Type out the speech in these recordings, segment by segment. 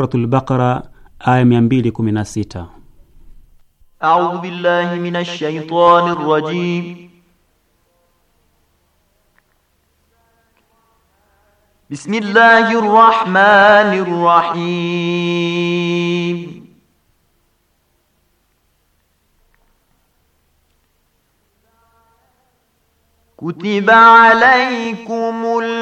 Suratul Baqara aya 216. A'udhu billahi minash shaitani rrajim. Bismillahir rahmanir rahim. Kutiba alaykum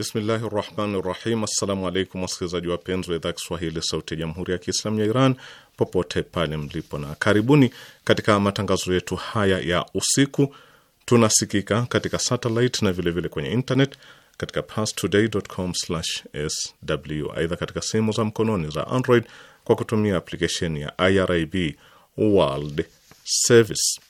Bismillahi rahmani rahim. Assalamu alaikum wasikilizaji wapenzi wa idhaa Kiswahili sauti ya jamhuri ya Kiislamu ya Iran popote pale mlipo, na karibuni katika matangazo yetu haya ya usiku. Tunasikika katika satelit na vilevile vile kwenye internet katika pastoday.com/sw. Aidha, katika simu za mkononi za Android kwa kutumia aplikesheni ya IRIB World Service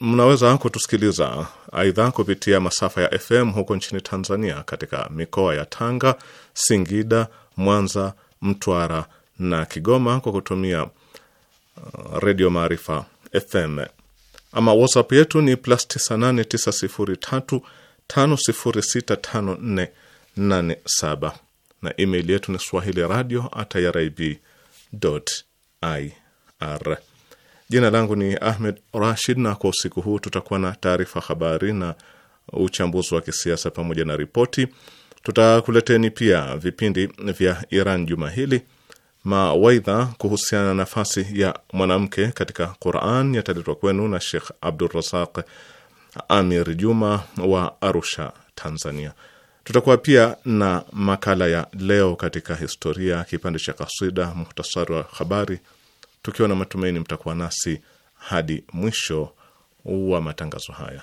mnaweza kutusikiliza aidha kupitia masafa ya FM huko nchini Tanzania, katika mikoa ya Tanga, Singida, Mwanza, Mtwara na Kigoma kwa kutumia uh, Redio Maarifa FM. Ama WhatsApp yetu ni plus 989035065487 na email yetu ni swahili radio at irib ir Jina langu ni Ahmed Rashid, na kwa usiku huu tutakuwa na taarifa habari na uchambuzi wa kisiasa pamoja na ripoti. Tutakuleteni pia vipindi vya Iran juma hili, mawaidha kuhusiana na nafasi ya mwanamke katika Quran yataletwa kwenu na Shekh Abdurazaq Amir Juma wa Arusha, Tanzania. Tutakuwa pia na makala ya leo katika historia, kipande cha kasida, muhtasari wa habari tukiwa na matumaini mtakuwa nasi hadi mwisho wa matangazo haya.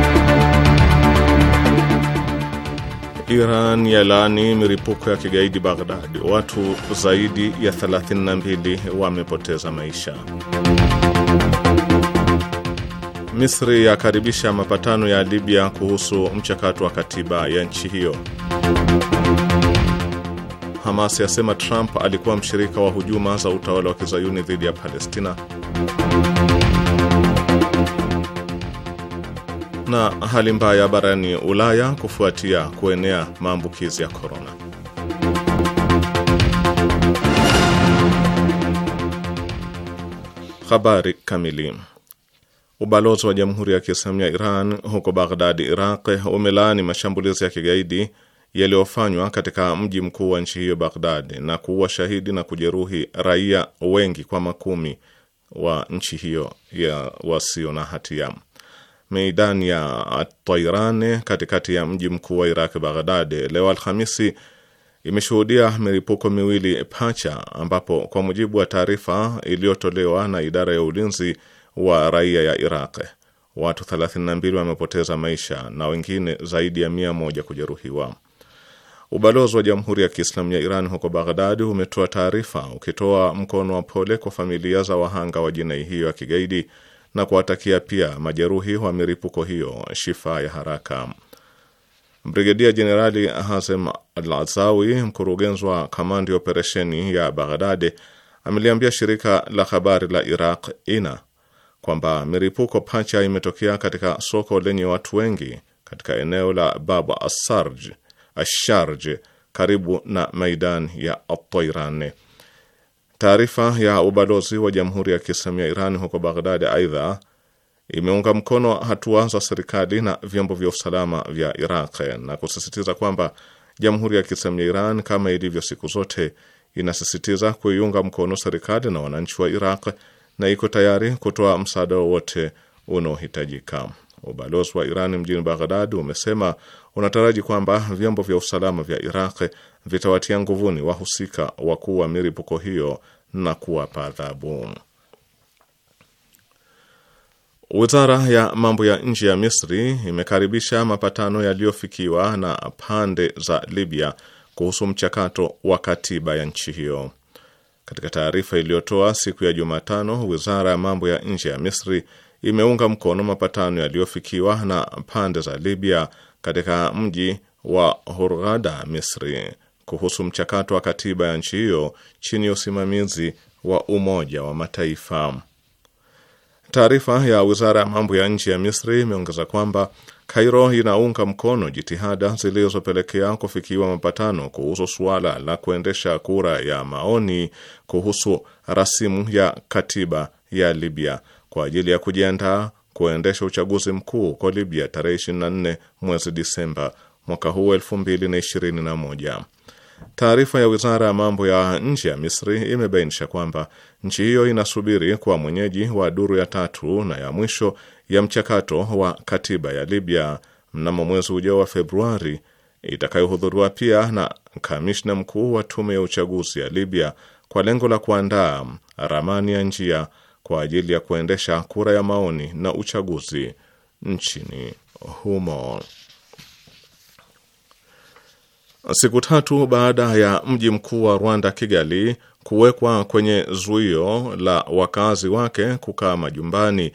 Iran yalaani miripuko ya kigaidi Baghdad. Watu zaidi ya 32 wamepoteza maisha. Misri yakaribisha mapatano ya Libya kuhusu mchakato wa katiba ya nchi hiyo. Hamas yasema Trump alikuwa mshirika wa hujuma za utawala wa kizayuni dhidi ya Palestina. na hali mbaya barani Ulaya kufuatia kuenea maambukizi ya korona. Habari kamili. Ubalozi wa Jamhuri ya Kiislamu ya Iran huko Baghdadi, Iraq, umelaani mashambulizi ya kigaidi yaliyofanywa katika mji mkuu wa nchi hiyo Baghdad na kuua shahidi na kujeruhi raia wengi kwa makumi wa nchi hiyo ya wasio na hatia meidan ya Tairane katikati ya mji mkuu wa Iraq, Baghdad, leo Alhamisi imeshuhudia milipuko miwili pacha, ambapo kwa mujibu wa taarifa iliyotolewa na idara ya ulinzi wa raia ya Iraq, watu 32 wamepoteza maisha na wengine zaidi ya mia moja kujeruhiwa. Ubalozi wa Jamhuri ya Kiislamu ya Iran huko Baghdad umetoa taarifa ukitoa mkono wa pole kwa familia za wahanga wa jinai hiyo ya kigaidi na kuwatakia pia majeruhi wa miripuko hiyo shifa ya haraka. Brigedia Jenerali al Alazawi, mkurugenzi wa kamandi ya operesheni ya Baghdadi, ameliambia shirika la habari la Iraq INA kwamba miripuko pacha imetokea katika soko lenye watu wengi katika eneo la Babu Asarj Asharj karibu na maidan ya Atoirane. Taarifa ya ubalozi wa Jamhuri ya Kiislamu ya Iran huko Baghdad aidha imeunga mkono hatua za serikali na vyombo vya usalama vya Iraq na kusisitiza kwamba Jamhuri ya Kiislamu ya Iran kama ilivyo siku zote inasisitiza kuiunga mkono serikali na wananchi wa Iraq na iko tayari kutoa msaada wowote unaohitajika. Ubalozi wa Iran mjini Baghdad umesema unataraji kwamba vyombo vya usalama vya Iraq vitawatia nguvuni wahusika wakuu wa milipuko hiyo na kuwapa adhabu. Wizara ya mambo ya nje ya Misri imekaribisha mapatano yaliyofikiwa na pande za Libya kuhusu mchakato wa katiba ya nchi hiyo. Katika taarifa iliyotoa siku ya Jumatano, wizara ya mambo ya nje ya Misri imeunga mkono mapatano yaliyofikiwa na pande za Libya katika mji wa Hurghada, Misri, kuhusu mchakato wa katiba ya nchi hiyo chini ya usimamizi wa Umoja wa Mataifa. Taarifa ya wizara ya mambo ya nje ya Misri imeongeza kwamba Kairo inaunga mkono jitihada zilizopelekea kufikiwa mapatano kuhusu suala la kuendesha kura ya maoni kuhusu rasimu ya katiba ya Libya kwa ajili ya kujiandaa kuendesha uchaguzi mkuu kwa Libya tarehe 24 mwezi Disemba mwaka huu 2021. Taarifa ya wizara ya mambo ya nje ya Misri imebainisha kwamba nchi hiyo inasubiri kuwa mwenyeji wa duru ya tatu na ya mwisho ya mchakato wa katiba ya Libya mnamo mwezi ujao wa Februari, itakayohudhuriwa pia na kamishna mkuu wa tume ya uchaguzi ya Libya kwa lengo la kuandaa ramani ya njia kwa ajili ya kuendesha kura ya maoni na uchaguzi nchini humo. Siku tatu baada ya mji mkuu wa Rwanda, Kigali, kuwekwa kwenye zuio la wakazi wake kukaa majumbani,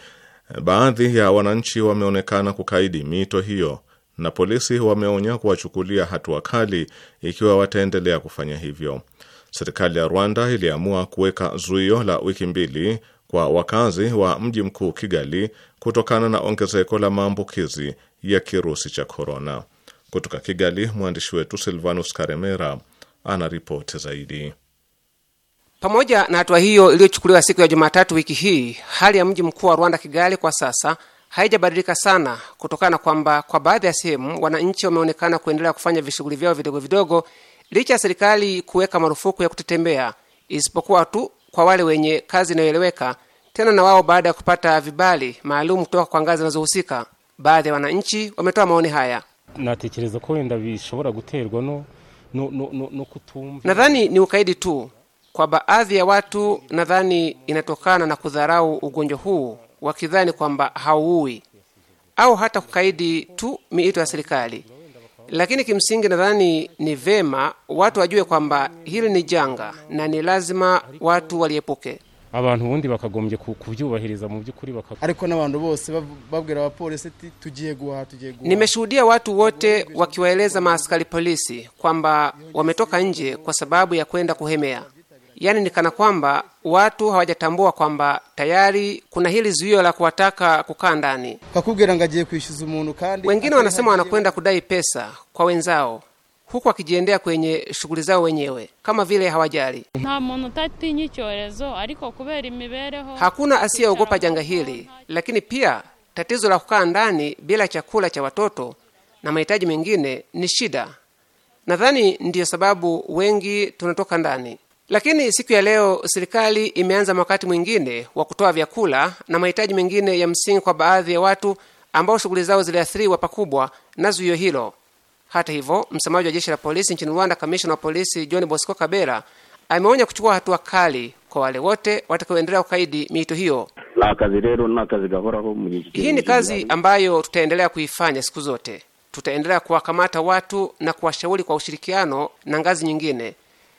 baadhi ya wananchi wameonekana kukaidi mito hiyo na polisi wameonya kuwachukulia hatua kali ikiwa wataendelea kufanya hivyo. Serikali ya Rwanda iliamua kuweka zuio la wiki mbili kwa wakazi wa mji mkuu Kigali kutokana na ongezeko la maambukizi ya kirusi cha korona. Kutoka Kigali, mwandishi wetu Silvanus Karemera ana ripoti zaidi. Pamoja na hatua hiyo iliyochukuliwa siku ya Jumatatu wiki hii, hali ya mji mkuu wa Rwanda, Kigali, kwa sasa haijabadilika sana kutokana na kwamba kwa baadhi ya sehemu wananchi wameonekana kuendelea kufanya vishughuli vyao vidogo vidogo licha ya serikali kuweka marufuku ya kutetembea, isipokuwa tu kwa wale wenye kazi inayoeleweka tena na wao baada ya kupata vibali maalum kutoka kwa ngazi zinazohusika. Baadhi ya wananchi wametoa maoni haya. natekereza ko wenda bishobora guterwa no no no no kutumva. Nadhani ni ukaidi tu kwa baadhi ya watu, nadhani inatokana na kudharau ugonjwa huu wakidhani kwamba hauui au hata kukaidi tu miito ya serikali. Lakini kimsingi nadhani ni vema watu wajue kwamba hili ni janga na ni lazima watu waliepuke. abantu ubundi bakagombye kuvyubahiriza mu by'ukuri ariko n'abantu bose babwira abapolisi ati tugiye guha tugiye guha Nimeshuhudia watu wote wakiwaeleza maaskari polisi kwamba wametoka nje kwa sababu ya kwenda kuhemea yani ni kana kwamba watu hawajatambua kwamba tayari kuna hili zuio la kuwataka kukaa ndani. Wengine wanasema wanakwenda kudai pesa kwa wenzao huku wakijiendea kwenye shughuli zao wenyewe kama vile hawajali. Hakuna asiyeogopa janga hili, lakini pia tatizo la kukaa ndani bila chakula cha watoto na mahitaji mengine ni shida. Nadhani ndiyo sababu wengi tunatoka ndani. Lakini siku ya leo serikali imeanza wakati mwingine wa kutoa vyakula na mahitaji mengine ya msingi kwa baadhi ya watu ambao shughuli zao ziliathiriwa pakubwa na zuio hilo. Hata hivyo, msemaji wa jeshi la polisi nchini Rwanda, kamishna wa polisi John Bosco Kabera ameonya kuchukua hatua kali kwa wale wote watakaoendelea kukaidi miito hiyo. Hii ni kazi ambayo tutaendelea kuifanya siku zote. Tutaendelea kuwakamata watu na kuwashauri kwa ushirikiano na ngazi nyingine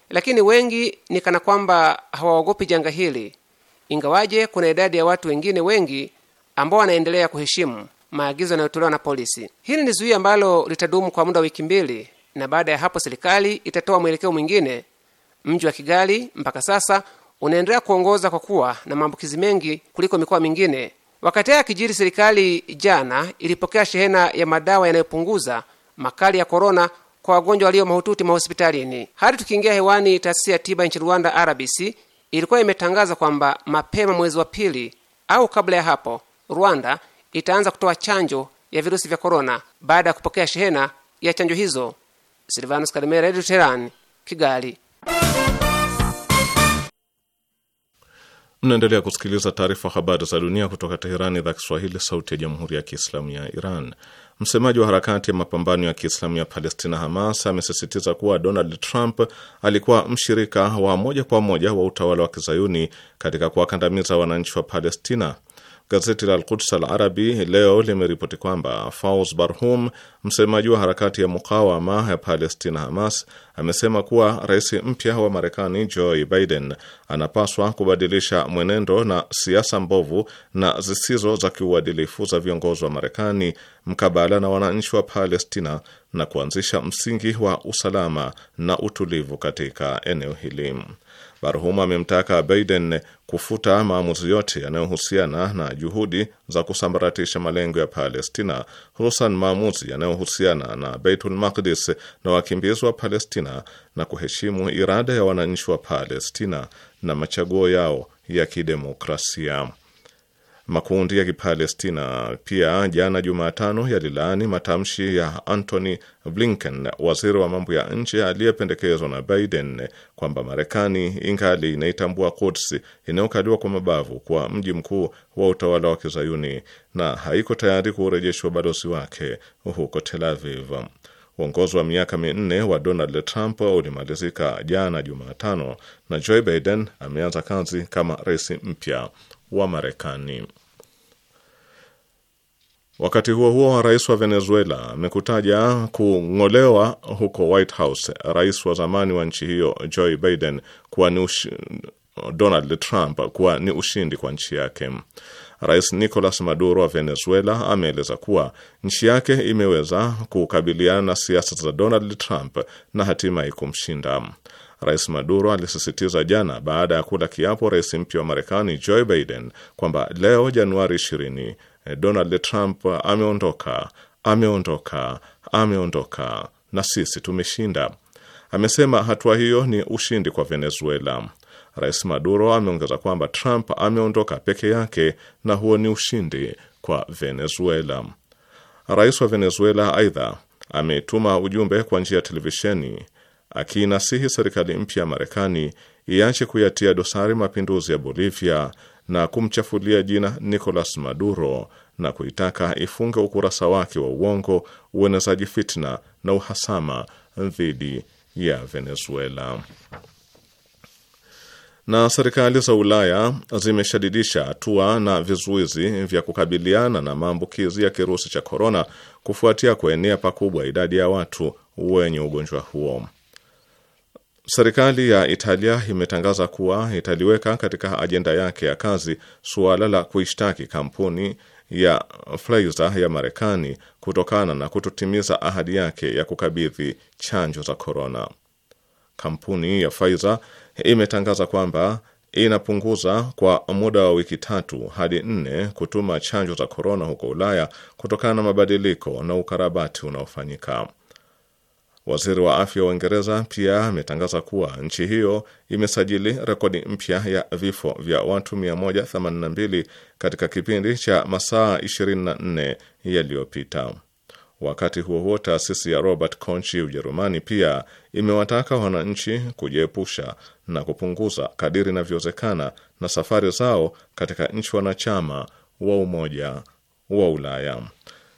lakini wengi ni kana kwamba hawaogopi janga hili, ingawaje kuna idadi ya watu wengine wengi ambao wanaendelea kuheshimu maagizo yanayotolewa na polisi. Hili ni zuio ambalo litadumu kwa muda wa wiki mbili, na baada ya hapo serikali itatoa mwelekeo mwingine. Mji wa Kigali mpaka sasa unaendelea kuongoza kwa kuwa na maambukizi mengi kuliko mikoa mingine. Wakati haya akijiri, serikali jana ilipokea shehena ya madawa yanayopunguza makali ya korona kwa wagonjwa walio mahututi mahospitalini. Hadi tukiingia hewani, taasisi ya tiba nchini Rwanda RBC ilikuwa imetangaza kwamba mapema mwezi wa pili au kabla ya hapo Rwanda itaanza kutoa chanjo ya virusi vya korona baada ya kupokea shehena ya chanjo hizo. Silvanus Karimera, Redio Kigali. Mnaendelea kusikiliza taarifa habari za dunia kutoka Teherani, idhaa Kiswahili, sauti ya jamhuri ya kiislamu ya Iran. Msemaji wa harakati ya mapambano ya Kiislamu ya Palestina, Hamas, amesisitiza kuwa Donald Trump alikuwa mshirika wa moja kwa moja wa utawala wa kizayuni katika kuwakandamiza wananchi wa Palestina. Gazeti la Alquds Al-Arabi leo limeripoti kwamba faus Barhum, msemaji wa harakati ya mukawama ya Palestina Hamas, amesema kuwa rais mpya wa Marekani Joe Biden anapaswa kubadilisha mwenendo na siasa mbovu na zisizo za kiuadilifu za viongozi wa Marekani mkabala na wananchi wa Palestina na kuanzisha msingi wa usalama na utulivu katika eneo hili. Barhum amemtaka Biden kufuta maamuzi yote yanayohusiana na juhudi za kusambaratisha malengo ya Palestina, hususan maamuzi yanayohusiana na Beitul Maqdis na wakimbizi wa Palestina, na kuheshimu irada ya wananchi wa Palestina na machaguo yao ya kidemokrasia. Makundi ya Kipalestina pia jana Jumatano yalilaani matamshi ya Antony Blinken, waziri wa mambo ya nje aliyependekezwa na Biden, kwamba Marekani ingali inaitambua Quds inayokaliwa kwa mabavu kwa mji mkuu wa utawala wa Kizayuni na haiko tayari kuurejeshwa balozi wake huko Tel Aviv. Uongozi wa miaka minne wa Donald Trump ulimalizika jana Jumatano na Joe Biden ameanza kazi kama rais mpya wa Marekani. Wakati huo huo, rais wa Venezuela amekutaja kung'olewa huko White House rais wa zamani wa nchi hiyo Joe Biden kuwa ni ush... Donald Trump kuwa ni ushindi kwa nchi yake. Rais Nicolas Maduro wa Venezuela ameeleza kuwa nchi yake imeweza kukabiliana na siasa za Donald Trump na hatimaye kumshinda. Rais Maduro alisisitiza jana baada ya kula kiapo rais mpya wa Marekani Joe Biden kwamba leo Januari 20 Eh, Donald Trump eh, ameondoka, ameondoka, ameondoka na sisi tumeshinda. Amesema hatua hiyo ni ushindi kwa Venezuela. Rais Maduro ameongeza kwamba Trump ameondoka peke yake na huo ni ushindi kwa Venezuela. Rais wa Venezuela aidha ametuma ujumbe kwa njia ya televisheni akiinasihi serikali mpya ya Marekani iache kuyatia dosari mapinduzi ya Bolivia na kumchafulia jina Nicolas Maduro na kuitaka ifunge ukurasa wake wa uongo, uenezaji fitna na uhasama dhidi ya Venezuela. Na serikali za Ulaya zimeshadidisha hatua na vizuizi vya kukabiliana na maambukizi ya kirusi cha korona kufuatia kuenea pakubwa idadi ya watu wenye ugonjwa huo. Serikali ya Italia imetangaza kuwa italiweka katika ajenda yake ya kazi suala la kuishtaki kampuni ya Pfizer ya Marekani kutokana na kutotimiza ahadi yake ya kukabidhi chanjo za korona. Kampuni ya Pfizer imetangaza kwamba inapunguza kwa muda wa wiki tatu hadi nne kutuma chanjo za korona huko Ulaya kutokana na mabadiliko na ukarabati unaofanyika. Waziri wa afya wa Uingereza pia ametangaza kuwa nchi hiyo imesajili rekodi mpya ya vifo vya watu 182 katika kipindi cha masaa 24 yaliyopita. Wakati huo huo, taasisi ya Robert Conchi Ujerumani pia imewataka wananchi kujiepusha na kupunguza kadiri inavyowezekana na safari zao katika nchi wanachama wa Umoja wa Ulaya.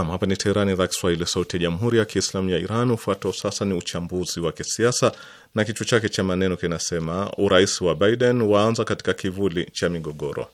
Naam, hapa ni Teherani, idhaa Kiswahili, sauti ya jamhuri ya kiislamu ya Iran. Ufuatao sasa ni uchambuzi wa kisiasa na kichwa chake cha maneno kinasema urais wa Biden waanza katika kivuli cha migogoro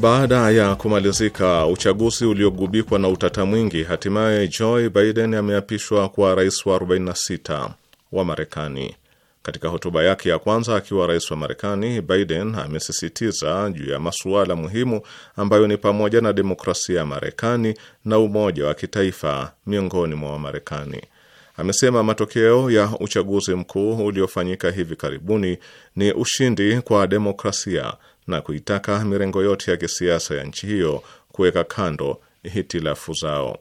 Baada ya kumalizika uchaguzi uliogubikwa na utata mwingi, hatimaye Joe Biden ameapishwa kuwa rais wa 46 wa Marekani. Katika hotuba yake ya kwanza akiwa rais wa Marekani, Biden amesisitiza juu ya masuala muhimu ambayo ni pamoja na demokrasia ya Marekani na umoja wa kitaifa miongoni mwa Wamarekani. Amesema matokeo ya uchaguzi mkuu uliofanyika hivi karibuni ni ushindi kwa demokrasia na kuitaka mirengo yote ya kisiasa ya nchi hiyo kuweka kando hitilafu zao.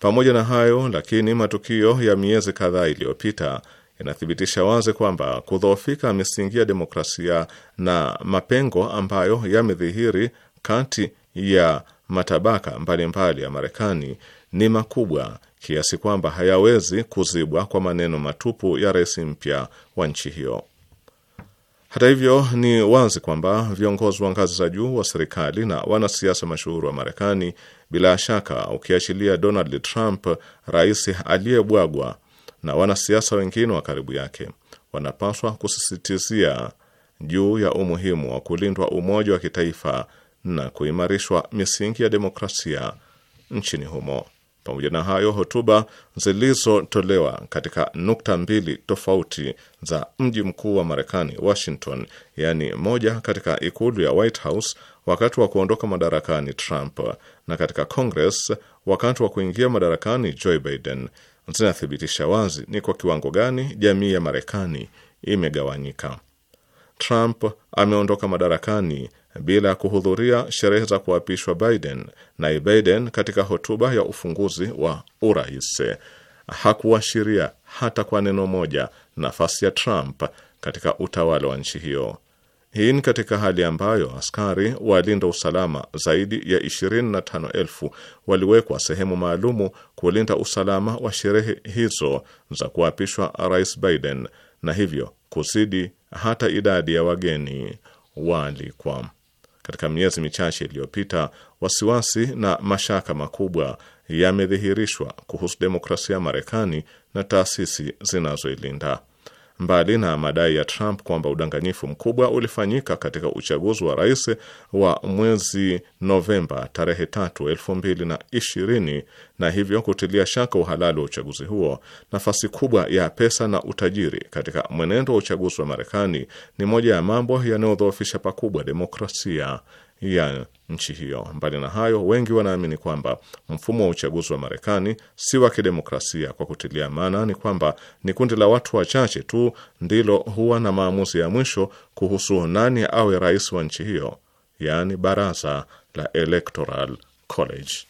Pamoja na hayo lakini, matukio ya miezi kadhaa iliyopita yanathibitisha wazi kwamba kudhoofika misingi ya demokrasia na mapengo ambayo yamedhihiri kati ya matabaka mbalimbali mbali ya Marekani ni makubwa kiasi kwamba hayawezi kuzibwa kwa maneno matupu ya rais mpya wa nchi hiyo. Hata hivyo, ni wazi kwamba viongozi wa ngazi za juu wa serikali na wanasiasa mashuhuri wa Marekani, bila shaka, ukiachilia Donald Trump, rais aliyebwagwa, na wanasiasa wengine wa karibu yake, wanapaswa kusisitizia juu ya umuhimu wa kulindwa umoja wa kitaifa na kuimarishwa misingi ya demokrasia nchini humo. Pamoja na hayo, hotuba zilizotolewa katika nukta mbili tofauti za mji mkuu wa Marekani, Washington, yaani moja katika ikulu ya White House wakati wa kuondoka madarakani Trump na katika Congress wakati wa kuingia madarakani Joe Biden zinathibitisha wazi ni kwa kiwango gani jamii ya Marekani imegawanyika. Trump ameondoka madarakani bila ya kuhudhuria sherehe za kuapishwa Biden. Naye Biden katika hotuba ya ufunguzi wa urais hakuashiria hata kwa neno moja nafasi ya Trump katika utawala wa nchi hiyo. Hii ni katika hali ambayo askari walinda usalama zaidi ya 25,000 waliwekwa sehemu maalumu kulinda usalama wa sherehe hizo za kuapishwa Rais Biden na hivyo kuzidi hata idadi ya wageni waalikwa. Katika miezi michache iliyopita, wasiwasi na mashaka makubwa yamedhihirishwa kuhusu demokrasia ya Marekani na taasisi zinazoilinda. Mbali na madai ya Trump kwamba udanganyifu mkubwa ulifanyika katika uchaguzi wa rais wa mwezi Novemba tarehe tatu elfu mbili na ishirini na hivyo kutilia shaka uhalali wa uchaguzi huo, nafasi kubwa ya pesa na utajiri katika mwenendo wa uchaguzi wa Marekani ni moja ya mambo yanayodhoofisha pakubwa demokrasia ya nchi hiyo. Mbali na hayo, wengi wanaamini kwamba mfumo wa uchaguzi wa Marekani si wa kidemokrasia, kwa kutilia maana ni kwamba ni kundi la watu wachache tu ndilo huwa na maamuzi ya mwisho kuhusu nani awe rais wa nchi hiyo, yaani baraza la Electoral College.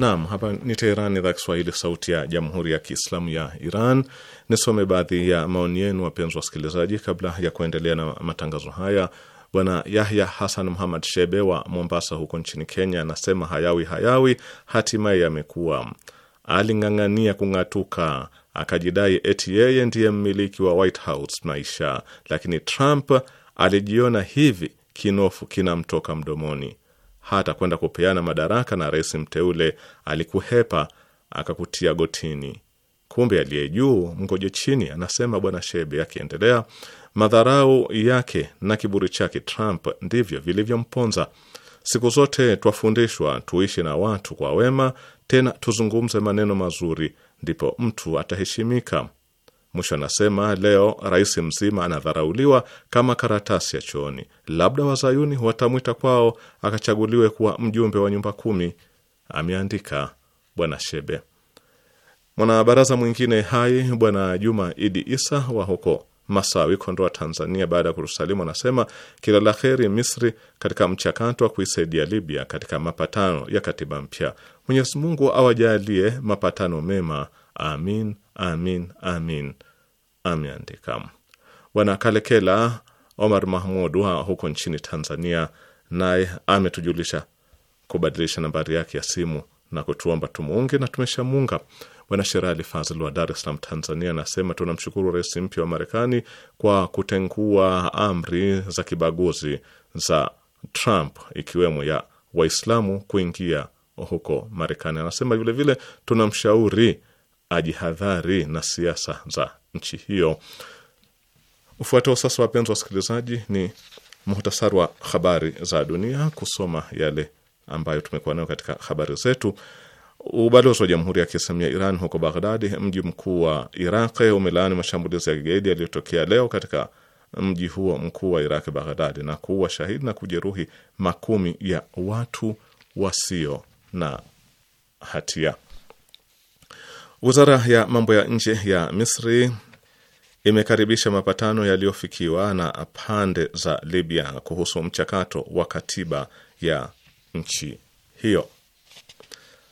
Naam, hapa ni Teherani, idhaa Kiswahili, sauti ya jamhuri ya kiislamu ya Iran. Nisome baadhi ya maoni yenu, wapenzi wasikilizaji, kabla ya kuendelea na matangazo haya. Bwana Yahya Hasan Muhamad Shebe wa Mombasa huko nchini Kenya anasema hayawi hayawi, hatimaye yamekuwa. Aling'ang'ania kung'atuka akajidai eti yeye ndiye mmiliki wa White House maisha, lakini Trump alijiona hivi, kinofu kinamtoka mdomoni hata kwenda kupeana madaraka na rais mteule alikuhepa akakutia gotini, kumbe aliye juu mngojo chini, anasema bwana Shebe akiendelea. Madharau yake na kiburi chake Trump ndivyo vilivyomponza. Siku zote twafundishwa tuishi na watu kwa wema, tena tuzungumze maneno mazuri, ndipo mtu ataheshimika. Mwisho anasema leo rais mzima anadharauliwa kama karatasi ya chooni. Labda wazayuni watamwita kwao akachaguliwe kuwa mjumbe wa nyumba kumi, ameandika bwana Shebe. Mwanabaraza mwingine hai bwana Juma Idi Isa wa huko Masawi, Kondoa, Tanzania, baada ya kutusalimu anasema kila la heri Misri katika mchakato wa kuisaidia Libya katika mapatano ya katiba mpya. Mwenyezi Mungu awajalie mapatano mema, amin amin amin, ameandika Bwana Kalekela Omar Mahmudu huko nchini Tanzania, naye ametujulisha kubadilisha nambari yake ya simu na kutuomba tumuunge na tumeshamuunga. Bwana Sherali Fazil wa Dar es Salaam, Tanzania, anasema tunamshukuru rais mpya wa Marekani kwa kutengua amri za kibaguzi za Trump ikiwemo ya Waislamu kuingia huko Marekani. Anasema vilevile tunamshauri ajihadhari na siasa za nchi hiyo. Ufuatao sasa, wapenzi wasikilizaji, ni muhtasari wa habari za dunia, kusoma yale ambayo tumekuwa nayo katika habari zetu. Ubalozi wa Jamhuri ya Kiislamu ya Iran huko Baghdadi, mji mkuu wa Iraq, umelaani mashambulizi ya kigaidi yaliyotokea leo katika mji huo mkuu wa Iraq, Baghdadi, na kuua shahidi na kujeruhi makumi ya watu wasio na hatia. Wizara ya mambo ya nje ya Misri imekaribisha mapatano yaliyofikiwa na pande za Libya kuhusu mchakato wa katiba ya nchi hiyo.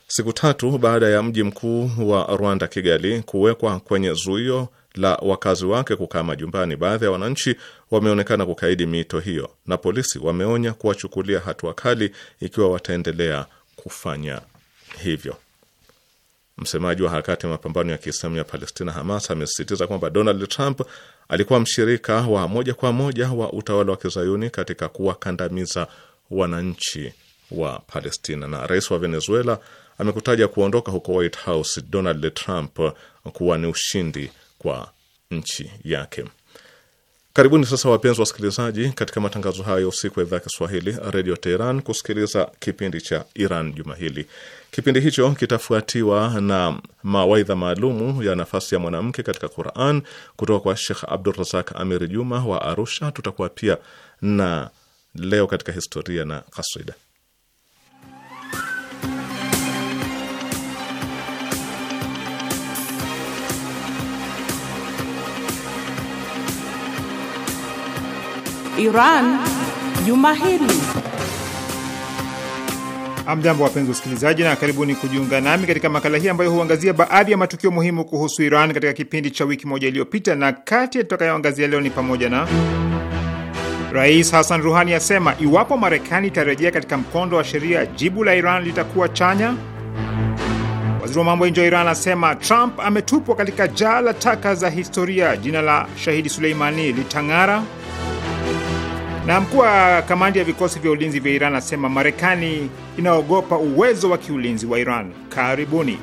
Siku tatu baada ya mji mkuu wa Rwanda, Kigali, kuwekwa kwenye zuio la wakazi wake kukaa majumbani, baadhi ya wananchi wameonekana kukaidi miito hiyo, na polisi wameonya kuwachukulia hatua kali ikiwa wataendelea kufanya hivyo. Msemaji wa harakati ya mapambano ya Kiislamu ya Palestina, Hamas, amesisitiza kwamba Donald Trump alikuwa mshirika wa moja kwa moja wa utawala wa kizayuni katika kuwakandamiza wananchi wa Palestina. Na rais wa Venezuela amekutaja kuondoka huko White House Donald Trump kuwa ni ushindi kwa nchi yake. Karibuni sasa wapenzi wasikilizaji, katika matangazo haya usiku ya idhaa ya Kiswahili redio Teheran kusikiliza kipindi cha Iran juma hili. Kipindi hicho kitafuatiwa na mawaidha maalumu ya nafasi ya mwanamke katika Quran kutoka kwa Shekh Abdurazak Amiri Juma wa Arusha. Tutakuwa pia na leo katika historia na kasida. Iran juma hili amjambo wapenzi wasikilizaji, na karibuni kujiunga nami katika makala hii ambayo huangazia baadhi ya matukio muhimu kuhusu Iran katika kipindi cha wiki moja iliyopita, na kati ya tutakayoangazia leo ni pamoja na Rais Hassan Ruhani asema iwapo Marekani itarejea katika mkondo wa sheria, jibu la Iran litakuwa chanya. Waziri wa mambo ya nje wa Iran asema Trump ametupwa katika jaa la taka za historia. Jina la shahidi Suleimani litang'ara. Na mkuu wa kamandi ya vikosi vya ulinzi vya Iran anasema Marekani inaogopa uwezo wa kiulinzi wa Iran. Karibuni.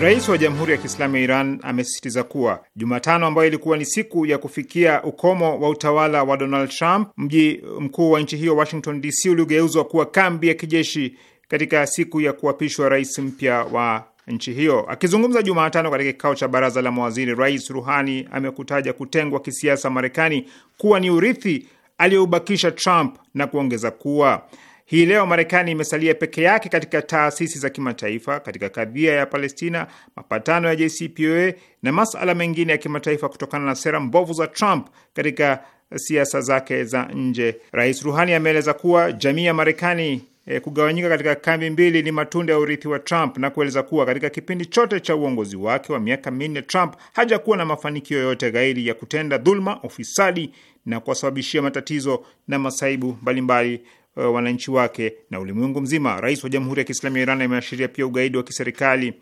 Rais wa Jamhuri ya Kiislamu ya Iran amesisitiza kuwa Jumatano, ambayo ilikuwa ni siku ya kufikia ukomo wa utawala wa Donald Trump, mji mkuu wa nchi hiyo Washington DC uliogeuzwa kuwa kambi ya kijeshi katika siku ya kuapishwa rais mpya wa nchi hiyo. Akizungumza Jumatano katika kikao cha baraza la mawaziri, Rais Ruhani amekutaja kutengwa kisiasa Marekani kuwa ni urithi aliyoubakisha Trump na kuongeza kuwa hii leo Marekani imesalia peke yake katika taasisi za kimataifa katika kadhia ya Palestina, mapatano ya JCPOA na masala mengine ya kimataifa kutokana na sera mbovu za Trump katika siasa zake za nje. Rais Ruhani ameeleza kuwa jamii ya Marekani e, kugawanyika katika kambi mbili ni matunda ya urithi wa Trump na kueleza kuwa katika kipindi chote cha uongozi wake wa miaka minne, Trump hajakuwa na mafanikio yoyote ghairi ya kutenda dhuluma, ufisadi na kuwasababishia matatizo na masaibu mbalimbali uh, wananchi wake na ulimwengu mzima. Rais wa Jamhuri ya Kiislamu ya Iran ameashiria pia ugaidi wa kiserikali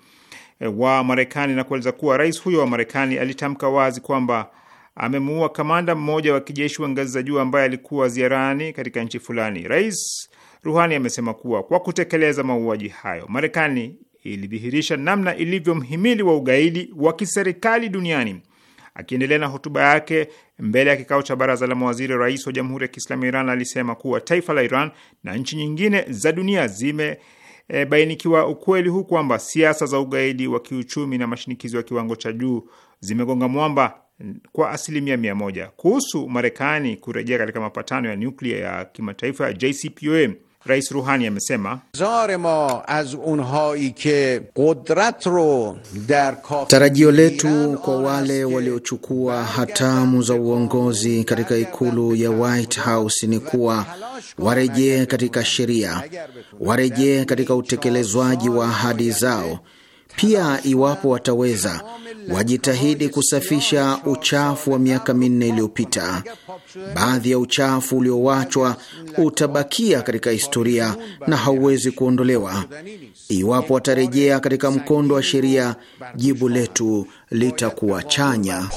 e, wa Marekani na kueleza kuwa rais huyo wa Marekani alitamka wazi kwamba amemuua kamanda mmoja wa kijeshi wa ngazi za juu ambaye alikuwa ziarani katika nchi fulani. Rais Ruhani amesema kuwa kwa kutekeleza mauaji hayo, Marekani ilidhihirisha namna ilivyo mhimili wa ugaidi wa kiserikali duniani. Akiendelea na hotuba yake mbele ya kikao cha baraza la mawaziri, rais wa Jamhuri ya Kiislamu ya Iran alisema kuwa taifa la Iran na nchi nyingine za dunia zime E, bainikiwa ukweli huu kwamba siasa za ugaidi wa kiuchumi na mashinikizo ya kiwango cha juu zimegonga mwamba kwa asilimia mia moja. Kuhusu Marekani kurejea katika mapatano ya nyuklia ya kimataifa ya JCPOA, Rais Ruhani amesema tarajio letu kwa wale waliochukua hatamu za uongozi katika ikulu ya White House ni kuwa warejee katika sheria, warejee katika utekelezwaji wa ahadi zao. Pia iwapo wataweza wajitahidi kusafisha uchafu wa miaka minne iliyopita. Baadhi ya uchafu uliowachwa utabakia katika historia na hauwezi kuondolewa. Iwapo watarejea katika mkondo wa sheria, jibu letu litakuwa chanya.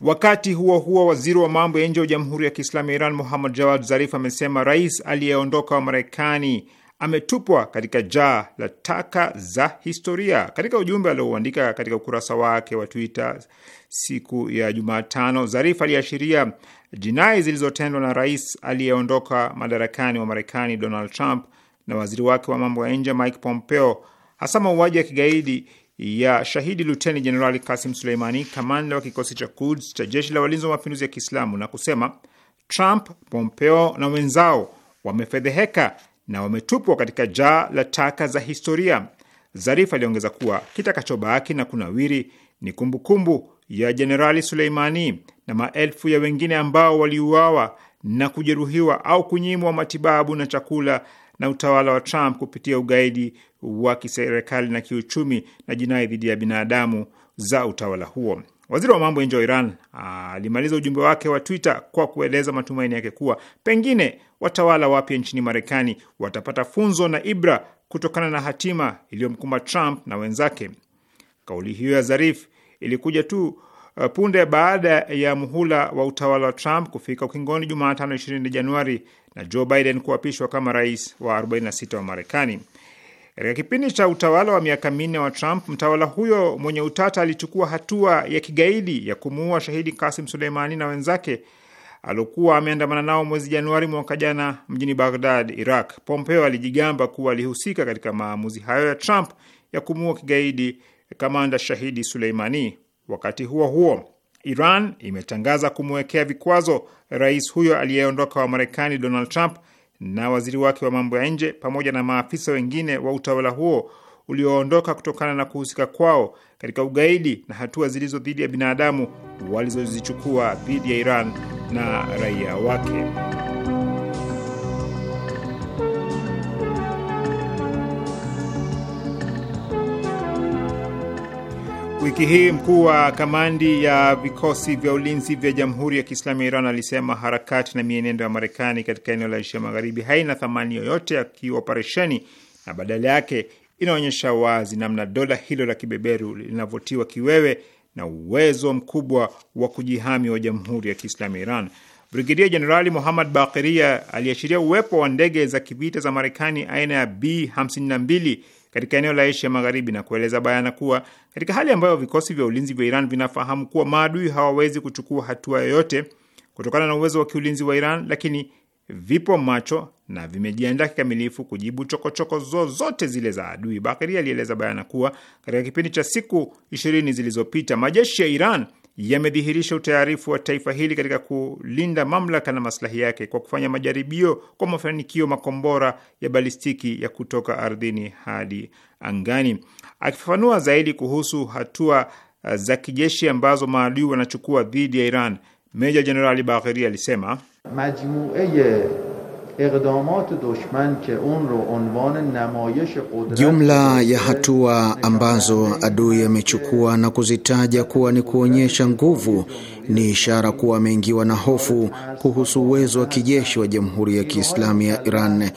Wakati huo huo, waziri wa mambo ya nje wa Jamhuri ya Kiislamu ya Iran Muhammad Jawad Zarif amesema rais aliyeondoka wa Marekani ametupwa katika jaa la taka za historia. Katika ujumbe aliouandika katika ukurasa wake wa Twitter siku ya Jumatano, Zarif aliashiria jinai zilizotendwa na rais aliyeondoka madarakani wa Marekani Donald Trump na waziri wake wa mambo ya nje Mike Pompeo, hasa mauaji ya kigaidi ya shahidi luteni jenerali Kasim Suleimani, kamanda wa kikosi cha Kuds cha jeshi la walinzi wa mapinduzi ya Kiislamu, na kusema Trump, Pompeo na wenzao wamefedheheka na wametupwa katika jaa la taka za historia. Zarif aliongeza kuwa kitakachobaki na kunawiri ni kumbukumbu kumbu ya Jenerali Suleimani na maelfu ya wengine ambao waliuawa na kujeruhiwa au kunyimwa matibabu na chakula na utawala wa Trump kupitia ugaidi wa kiserikali na kiuchumi na jinai dhidi ya binadamu za utawala huo. Waziri wa mambo ya nje wa Iran ah, alimaliza ujumbe wake wa Twitter kwa kueleza matumaini yake kuwa pengine watawala wapya nchini Marekani watapata funzo na ibra kutokana na hatima iliyomkumba Trump na wenzake. Kauli hiyo ya Zarif ilikuja tu uh, punde baada ya muhula wa utawala wa Trump kufika ukingoni Jumatano 20 Januari na Joe Biden kuapishwa kama rais wa 46 wa Marekani. Katika kipindi cha utawala wa miaka minne wa Trump, mtawala huyo mwenye utata alichukua hatua ya kigaidi ya kumuua shahidi Kasim Suleimani na wenzake aliokuwa ameandamana nao mwezi Januari mwaka jana mjini Baghdad, Iraq. Pompeo alijigamba kuwa alihusika katika maamuzi hayo ya Trump ya kumuua kigaidi kamanda shahidi Suleimani. Wakati huo huo, Iran imetangaza kumwekea vikwazo rais huyo aliyeondoka wa Marekani Donald Trump na waziri wake wa mambo ya nje pamoja na maafisa wengine wa utawala huo ulioondoka kutokana na kuhusika kwao katika ugaidi na hatua zilizo dhidi ya binadamu walizozichukua dhidi ya Iran na raia wake. Wiki hii mkuu wa kamandi ya vikosi vya ulinzi vya Jamhuri ya Kiislamu ya Iran alisema harakati na mienendo ya Marekani katika eneo la Asia Magharibi haina thamani yoyote ya kioperesheni na badala yake inaonyesha wazi namna dola hilo la kibeberu linavyotiwa kiwewe na uwezo mkubwa wa kujihami wa Jamhuri ya Kiislamu ya Iran. Brigedia Jenerali Muhammad Baqiria aliashiria uwepo wa ndege za kivita za Marekani aina ya B52 katika eneo la Asia Magharibi na kueleza bayana kuwa katika hali ambayo vikosi vya ulinzi vya Iran vinafahamu kuwa maadui hawawezi kuchukua hatua yoyote kutokana na uwezo wa kiulinzi wa Iran, lakini vipo macho na vimejiandaa kikamilifu kujibu chokochoko zozote zile za adui. Bakiri alieleza bayana kuwa katika kipindi cha siku ishirini zilizopita majeshi ya Iran yamedhihirisha utayarifu wa taifa hili katika kulinda mamlaka na maslahi yake kwa kufanya majaribio kwa mafanikio makombora ya balistiki ya kutoka ardhini hadi angani. Akifafanua zaidi kuhusu hatua uh, za kijeshi ambazo maadui wanachukua dhidi ya Iran, Meja Jenerali Bagheri alisema majmuu Jumla ya hatua ambazo adui amechukua na kuzitaja kuwa ni kuonyesha nguvu ni ishara kuwa ameingiwa na hofu kuhusu uwezo wa kijeshi wa Jamhuri ya Kiislamu ya Iran.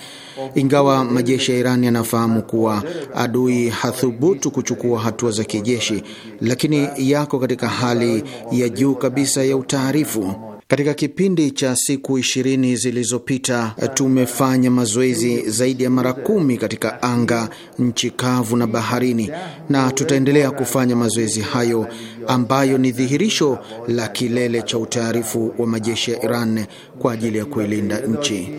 Ingawa majeshi ya Iran yanafahamu kuwa adui hathubutu kuchukua hatua za kijeshi, lakini yako katika hali ya juu kabisa ya utaarifu. Katika kipindi cha siku ishirini zilizopita tumefanya mazoezi zaidi ya mara kumi katika anga, nchi kavu na baharini, na tutaendelea kufanya mazoezi hayo ambayo ni dhihirisho la kilele cha utaarifu wa majeshi ya Iran kwa ajili ya kuilinda nchi.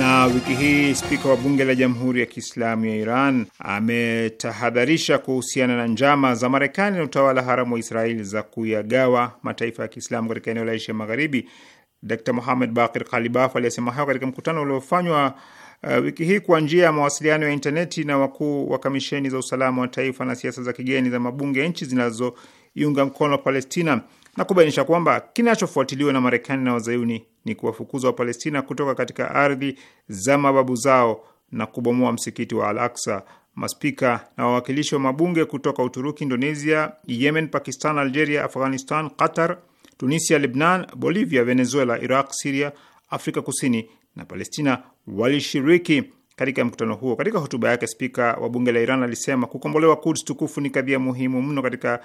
Na wiki hii spika wa bunge la Jamhuri ya Kiislamu ya Iran ametahadharisha kuhusiana na njama za Marekani na utawala haramu wa Israeli za kuyagawa mataifa ya Kiislamu katika eneo la Asia Magharibi. Dr Muhamed Bakir Kalibaf aliyesema hayo katika mkutano uliofanywa Uh, wiki hii kwa njia ya mawasiliano ya intaneti na wakuu wa kamisheni za usalama wa taifa na siasa za kigeni za mabunge ya nchi zinazoiunga mkono Palestina na kubainisha kwamba kinachofuatiliwa na Marekani na wazayuni ni kuwafukuza Wapalestina kutoka katika ardhi za mababu zao na kubomoa msikiti wa Al Aksa. Maspika na wawakilishi wa mabunge kutoka Uturuki, Indonesia, Yemen, Pakistan, Algeria, Afghanistan, Qatar, Tunisia, Lebnan, Bolivia, Venezuela, Iraq, Siria, Afrika Kusini na Palestina walishiriki katika mkutano huo. Katika hotuba yake, spika wa bunge la Iran alisema kukombolewa Kuds tukufu ni kadhia muhimu mno katika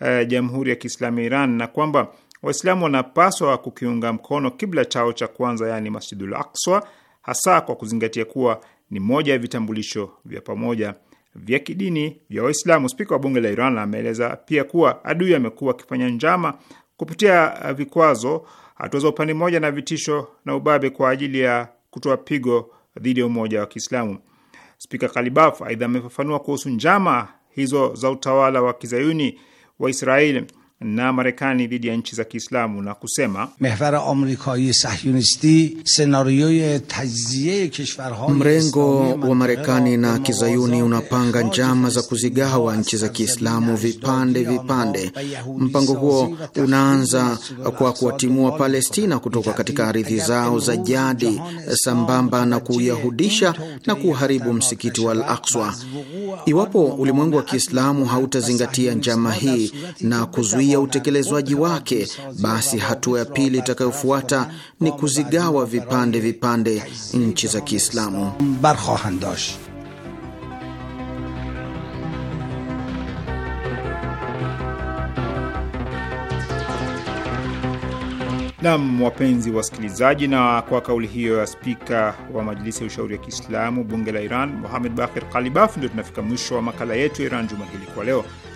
Eh, Jamhuri ya Kiislamu ya Iran na kwamba Waislamu wanapaswa kukiunga mkono kibla chao cha kwanza, yaani Masjidul Aqsa, hasa kwa kuzingatia kuwa ni moja ya vitambulisho vya pamoja vya kidini vya Waislamu. Spika wa bunge la Iran ameeleza pia kuwa adui amekuwa akifanya njama kupitia eh, vikwazo, hatua za upande mmoja na vitisho na ubabe kwa ajili ya kutoa pigo dhidi ya umoja wa Kiislamu. Spika Kalibaf aidha amefafanua kuhusu njama hizo za utawala wa kizayuni wa na Marekani dhidi ya nchi za Kiislamu na kusema mrengo wa Marekani na kizayuni unapanga njama za kuzigawa nchi za Kiislamu vipande vipande. Mpango huo unaanza kwa kuwatimua Palestina kutoka katika ardhi zao za jadi sambamba na kuyahudisha na kuharibu msikiti wa Al Iwapo ulimwengu wa Kiislamu hautazingatia njama hii na kuzuia siri ya utekelezwaji wake, basi hatua ya pili itakayofuata ni kuzigawa vipande vipande nchi za Kiislamu. Nam, wapenzi wasikilizaji, na kwa kauli hiyo ya spika wa Majlisi ya Ushauri ya Kiislamu, bunge la Iran, Mohamed Bakir Kalibaf, ndio tunafika mwisho wa makala yetu ya Iran juma hili kwa leo.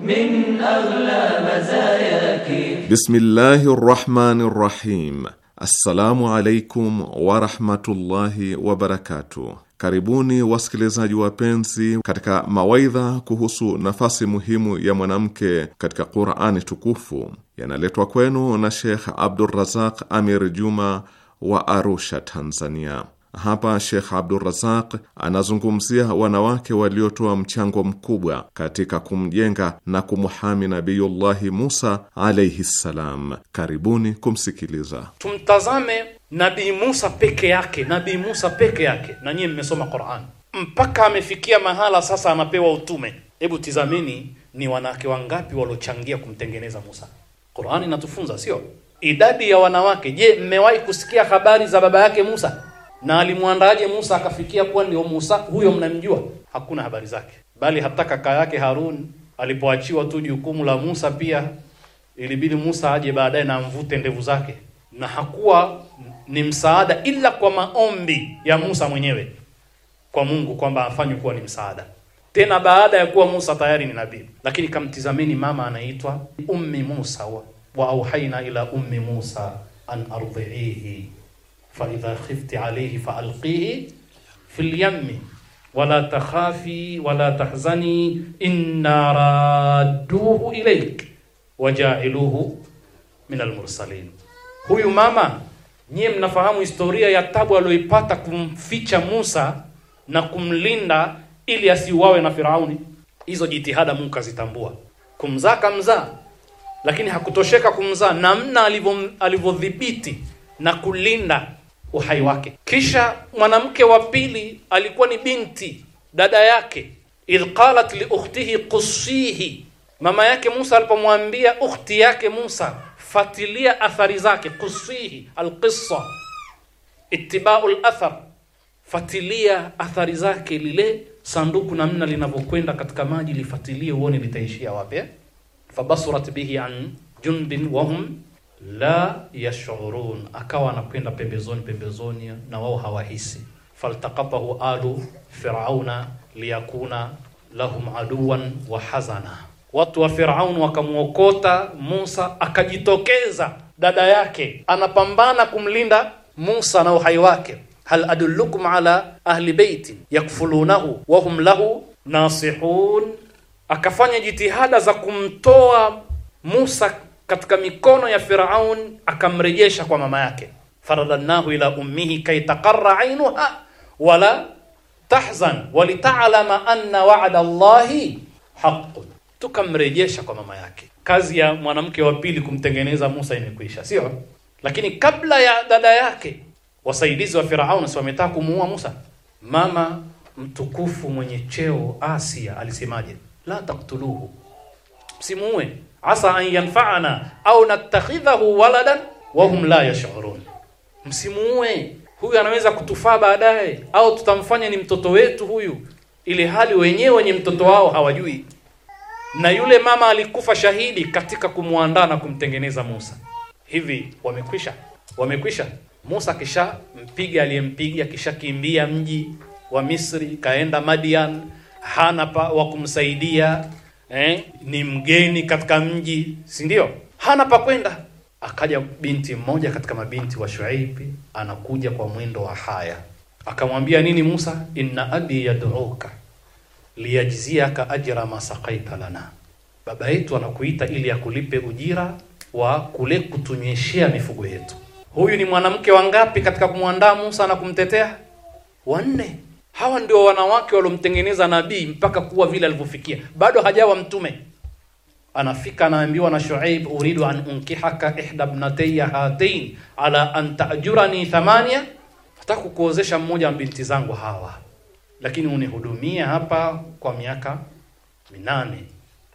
min aghla mazayaki. Bismillahir Rahmanir Rahim. Assalamu alaikum warahmatullahi wabarakatuh. Karibuni wasikilizaji wapenzi katika mawaidha kuhusu nafasi muhimu ya mwanamke katika Qur'ani tukufu yanaletwa kwenu na Sheikh Abdulrazaq Amir Juma wa Arusha, Tanzania. Hapa Shekh abdurrazaq anazungumzia wanawake waliotoa mchango mkubwa katika kumjenga na kumhami Nabiyullahi Musa alaihi ssalam. Karibuni kumsikiliza. Tumtazame Nabii Musa peke yake, Nabii Musa peke yake, na nyie mmesoma Qur'an mpaka amefikia mahala sasa anapewa utume. Hebu tizamini ni wanawake wangapi waliochangia kumtengeneza Musa. Qur'an inatufunza sio idadi ya wanawake. Je, mmewahi kusikia habari za baba yake Musa? na alimwandaje Musa akafikia kuwa ndio Musa huyo mnamjua? Hakuna habari zake, bali hata kaka yake Harun alipoachiwa tu jukumu la Musa, pia ilibidi Musa aje baadaye na mvute ndevu zake, na hakuwa ni msaada ila kwa maombi ya Musa mwenyewe kwa Mungu kwamba afanywe kuwa ni msaada, tena baada ya kuwa Musa tayari ni nabii. Lakini kamtizameni mama anaitwa Ummi Musa wa, wa auhaina ila ummi Musa an ardhiihi faidha khifti alaihi faalqihi fi lyammi wala takhafi wala tahzani inna radduhu ilaik wajailuhu min almursalin. Huyu mama nyie mnafahamu historia ya tabu aliyoipata kumficha Musa na kumlinda ili asiuawe na Firauni. Hizo jitihada muka kazitambua. Kumzaa kamzaa, lakini hakutosheka kumzaa namna alivyodhibiti na kulinda uhai wake. Kisha mwanamke wa pili alikuwa ni binti dada yake, idh qalat li ukhtihi qussihi, mama yake Musa alipomwambia ukhti yake Musa, fatilia athari zake. Qussihi alqissa, ittibau lathar, fatilia athari zake, lile sanduku namna linavyokwenda katika maji, lifatilie uone litaishia wapi. Eh? Fabasurat bihi an junbin wahum la yashurun, akawa anakwenda pembezoni pembezoni na wao hawahisi. Faltaqatahu alu firauna liyakuna lahum aduwan wa hazana, watu wa Firaun wakamwokota Musa, akajitokeza dada yake anapambana kumlinda Musa na uhai wake. Hal adullukum ala ahli baiti yakfulunahu wa hum lahu nasihun, akafanya jitihada za kumtoa Musa katika mikono ya Firaun akamrejesha kwa mama yake, faradannahu ila ummihi kay taqarra ainuha wala tahzan walitalama anna wa'da Allahi haqqun, tukamrejesha kwa mama yake. Kazi ya mwanamke wa pili kumtengeneza Musa imekwisha, sio? Lakini kabla ya dada yake wasaidizi wa Firaun si wametaka kumuua Musa. Mama mtukufu mwenye cheo Asia alisemaje? La taktuluhu, msimuue asa an yanfa'ana au natakhidhahu waladan wa hum la yash'urun, msimuue huyu, anaweza kutufaa baadaye, au tutamfanya ni mtoto wetu huyu, ili hali wenyewe wenye mtoto wao hawajui. Na yule mama alikufa shahidi katika kumwandaa na kumtengeneza Musa. Hivi wamekwisha, wamekwisha. Musa akishampiga aliyempiga, akishakimbia mji wa Misri, kaenda Madian, hana pa wa kumsaidia eh, ni mgeni katika mji, si ndio? Hana pa kwenda. Akaja binti mmoja katika mabinti wa Shuaibi, anakuja kwa mwendo wa haya, akamwambia nini Musa, inna abi yad'uka liyajziaka ajra ma saqaita lana, baba yetu anakuita ili akulipe ujira wa kule kutunyeshea mifugo yetu. Huyu ni mwanamke wangapi katika kumwandaa Musa na kumtetea? Wanne. Hawa ndio wanawake waliomtengeneza nabii mpaka kuwa vile alivyofikia, bado hajawa mtume. Anafika anaambiwa na Shuaib, uridu an unkihaka ihda bnataya hatain ala an tajurani thamania, nataka mmoja wa binti zangu hawa, lakini unihudumia hapa kwa miaka minane,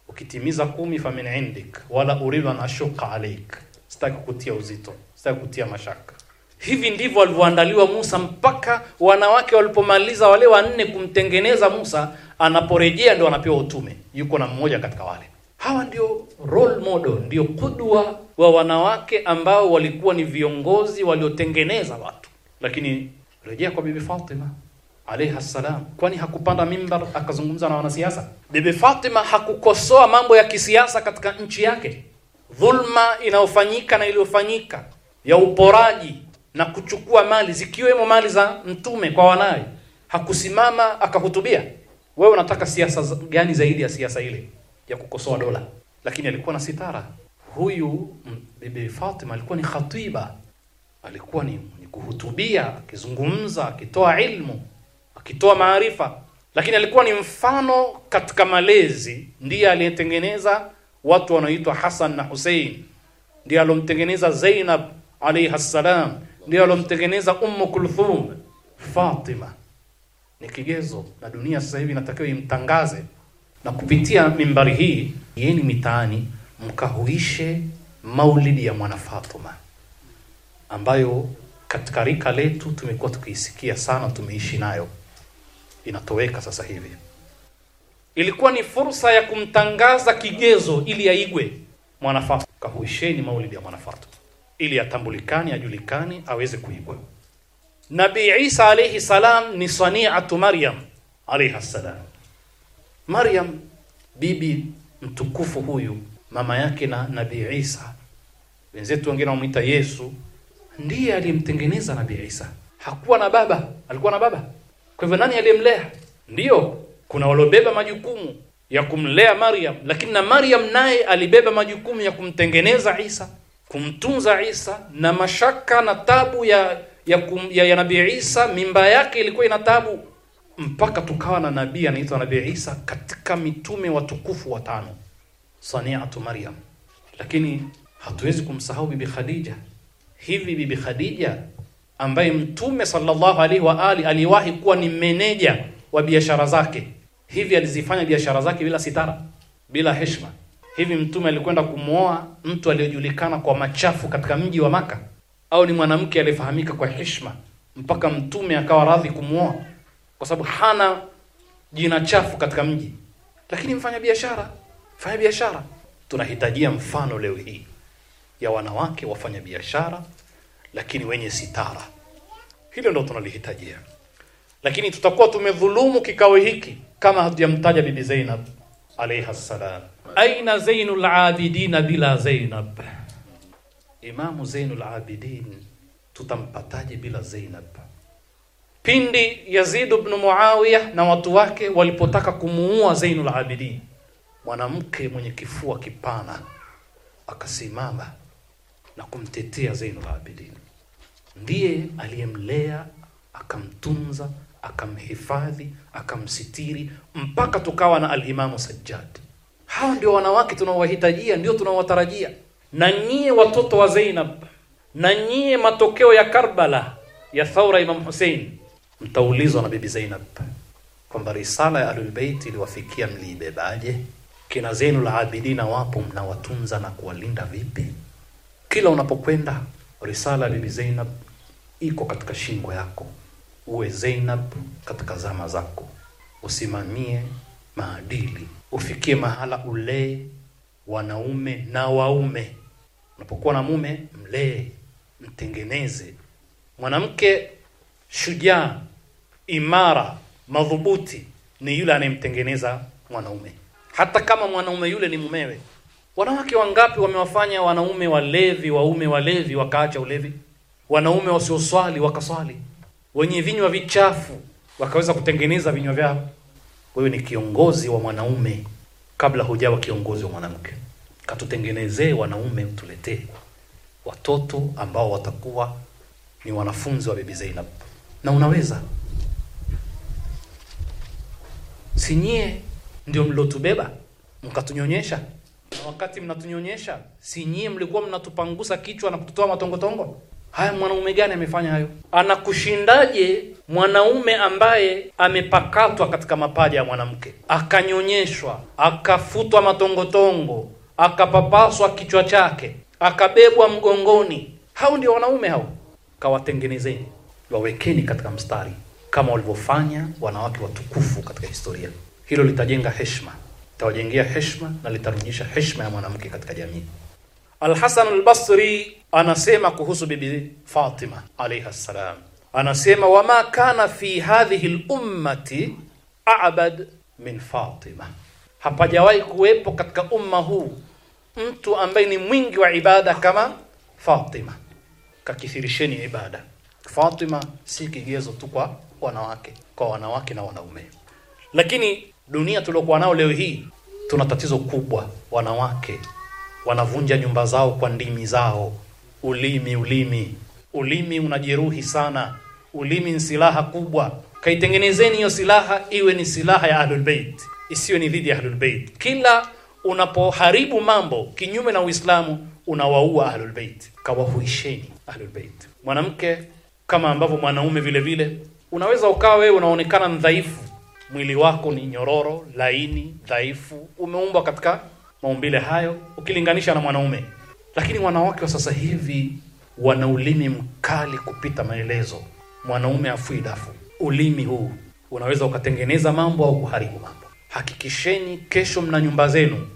ukitimiza kumi famin indik, wala uridu an ashuka alaik, sitaki kutia uzito, sitaki kutia mashaka Hivi ndivyo walivyoandaliwa Musa, mpaka wanawake walipomaliza wale wanne kumtengeneza Musa, anaporejea ndio anapewa utume. Yuko na mmoja katika wale hawa, ndio role model, ndio kudwa wa wanawake ambao walikuwa ni viongozi waliotengeneza watu. Lakini rejea kwa Bibi Fatima alayha salam, kwani hakupanda mimbar akazungumza na wanasiasa? Bibi Fatima hakukosoa mambo ya kisiasa katika nchi yake, dhulma inayofanyika na iliyofanyika ya uporaji na kuchukua mali zikiwemo mali za mtume kwa wanawe, hakusimama akahutubia. Wewe unataka siasa gani zaidi ya siasa ile ya kukosoa dola? Lakini alikuwa na sitara huyu bibi Fatima, alikuwa ni khatiba, alikuwa ni, ni kuhutubia, akizungumza, akitoa ilmu, akitoa maarifa, lakini alikuwa ni mfano katika malezi. Ndiye aliyetengeneza watu wanaoitwa Hasan na Hussein, ndiye alomtengeneza Zainab alayhi salam ndio alomtengeneza Ummu Kulthum. Fatima ni kigezo na dunia sasa hivi inatakiwa imtangaze, na kupitia mimbari hii, yeni mitaani mkahuishe maulidi ya mwana Fatima ambayo katika rika letu tumekuwa tukiisikia sana, tumeishi nayo, inatoweka sasa hivi. Ilikuwa ni fursa ya kumtangaza kigezo ili aigwe mwana Fatima. Kahuisheni maulidi ya mwana Fatima ili atambulikane, ajulikane, aweze kuibwa. Nabii Isa alayhi salam ni saniatu Maryam alayha salam. Maryam bibi mtukufu huyu, mama yake na Nabii Isa, wenzetu wengine wamwita Yesu, ndiye aliyemtengeneza Nabii Isa. Hakuwa na baba, alikuwa na baba? Kwa hivyo nani aliyemlea? Ndiyo, kuna waliobeba majukumu ya kumlea Maryam, lakini na Maryam naye alibeba majukumu ya kumtengeneza Isa kumtunza Isa na mashaka na tabu ya ya, kum, ya, ya Nabii Isa, mimba yake ilikuwa ina tabu mpaka tukawa na nabii anaitwa Nabii Isa katika mitume watukufu watano, Saniatu Maryam. Lakini hatuwezi kumsahau Bibi Khadija. Hivi Bibi Khadija ambaye Mtume sallallahu alaihi wa ali aliwahi kuwa ni meneja wa biashara zake, hivi alizifanya biashara zake bila sitara, bila heshima Hivi mtume alikwenda kumwoa mtu aliyojulikana kwa machafu katika mji wa Maka, au ni mwanamke aliyefahamika kwa heshima mpaka mtume akawa radhi kumwoa kwa sababu hana jina chafu katika mji? Lakini mfanya biashara, fanya biashara, tunahitajia mfano leo hii ya wanawake wafanya biashara, lakini wenye sitara. Hilo ndo tunalihitajia, lakini tutakuwa tumedhulumu kikao hiki kama hatujamtaja Bibi Zainab alayhi salam. Aina Zainul Abidin bila Zainab? Imamu Zainul Abidin tutampataje bila Zainab? Pindi Yazid ibn Muawiya na watu wake walipotaka kumuua Zainul Abidin, mwanamke mwenye kifua kipana akasimama na kumtetea Zainul Abidin, ndiye aliyemlea akamtunza akamhifadhi akamsitiri mpaka tukawa na alimamu Sajjad. Hawa ndio wanawake tunaowahitajia, ndio tunaowatarajia. Na nyie watoto wa Zainab, na nyie matokeo ya Karbala ya thaura Imam husein mtaulizwa na bibi Zainab kwamba risala ya Ahlulbeiti iliwafikia, mliibebaje? Kina la Abidina wapo, mnawatunza na kuwalinda vipi? Kila unapokwenda risala ya bibi Zainab iko katika shingo yako uwe Zainab katika zama zako, usimamie maadili, ufikie mahala ulee wanaume na waume. Unapokuwa na mume, mlee, mtengeneze. Mwanamke shujaa, imara, madhubuti ni yule anayemtengeneza mwanaume, hata kama mwanaume yule ni mumewe. Wanawake wangapi wamewafanya wanaume walevi, waume walevi, wakaacha ulevi, wanaume wasioswali wakaswali wenye vinywa vichafu wakaweza kutengeneza vinywa vyao. Wewe ni kiongozi wa mwanaume kabla hujawa kiongozi wa mwanamke. Katutengenezee wanaume, utuletee watoto ambao watakuwa ni wanafunzi wa Bibi Zainab, na unaweza si nyie ndio mlotubeba mkatunyonyesha, na wakati mnatunyonyesha si nyie mlikuwa mnatupangusa kichwa na kututoa matongotongo? Haya, mwanaume gani amefanya hayo? Anakushindaje mwanaume ambaye amepakatwa katika mapaja ya mwanamke, akanyonyeshwa, akafutwa matongotongo, akapapaswa kichwa chake, akabebwa mgongoni? Hao ndio wanaume hao. Kawatengenezeni, wawekeni katika mstari kama walivyofanya wanawake watukufu katika historia. Hilo litajenga heshima, litawajengea heshima na litarudisha heshima ya mwanamke katika jamii. Al-Hasan al-Basri anasema kuhusu bibi Fatima alayha salam, anasema wama kana fi hadhihi al-ummati a'bad min Fatima, hapajawahi kuwepo katika umma huu mtu ambaye ni mwingi wa ibada kama Fatima. Kakithirisheni ibada. Fatima si kigezo tu kwa wanawake, kwa wanawake na wanaume, lakini dunia tuliokuwa nao leo hii tuna tatizo kubwa wanawake wanavunja nyumba zao kwa ndimi zao. Ulimi, ulimi, ulimi unajeruhi sana. Ulimi ni silaha kubwa. Kaitengenezeni hiyo silaha iwe ni silaha ya Ahlul Bait, ni dhidi ya Ahlul Bait. Kila unapoharibu mambo kinyume na Uislamu unawaua Ahlul Bait. Kawahuisheni Ahlul Bait. Mwanamke kama ambavyo mwanaume vile vile unaweza ukawa wewe unaonekana dhaifu, mwili wako ni nyororo, laini, dhaifu, umeumbwa katika maumbile hayo ukilinganisha na mwanaume. Lakini wanawake wa sasa hivi wana ulimi mkali kupita maelezo. Mwanaume afui dafu. Ulimi huu unaweza ukatengeneza mambo au kuharibu mambo. Hakikisheni kesho mna nyumba zenu,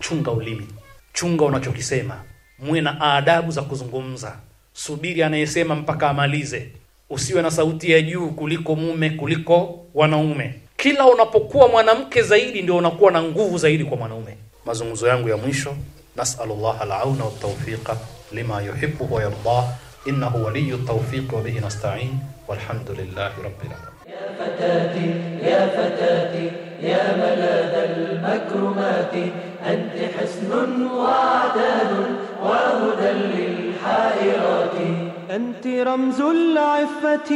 chunga ulimi, chunga unachokisema, muwe na adabu za kuzungumza. Subiri anayesema mpaka amalize, usiwe na sauti ya juu kuliko mume, kuliko wanaume. Kila unapokuwa mwanamke zaidi, ndio unakuwa na nguvu zaidi kwa mwanaume. mazungumzo yangu ya mwisho nasalullah alauna watawfiqa lima yuhibbu wa yardah innahu waliyu tawfiq wa bihi nasta'in walhamdulillahi rabbil alamin ya fatati ya fatati ya malad almakrumati anti hisnun wa أنت رمز العفة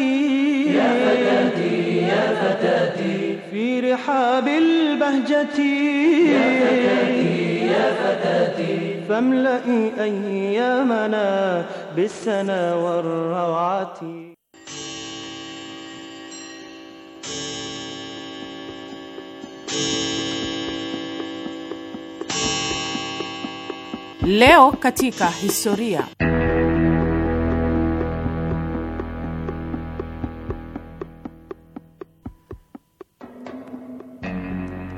يا فتاتي يا فتاتي في رحاب البهجة يا فتاتي يا فتاتي فاملئي أيامنا بالسنا والروعة Leo katika historia.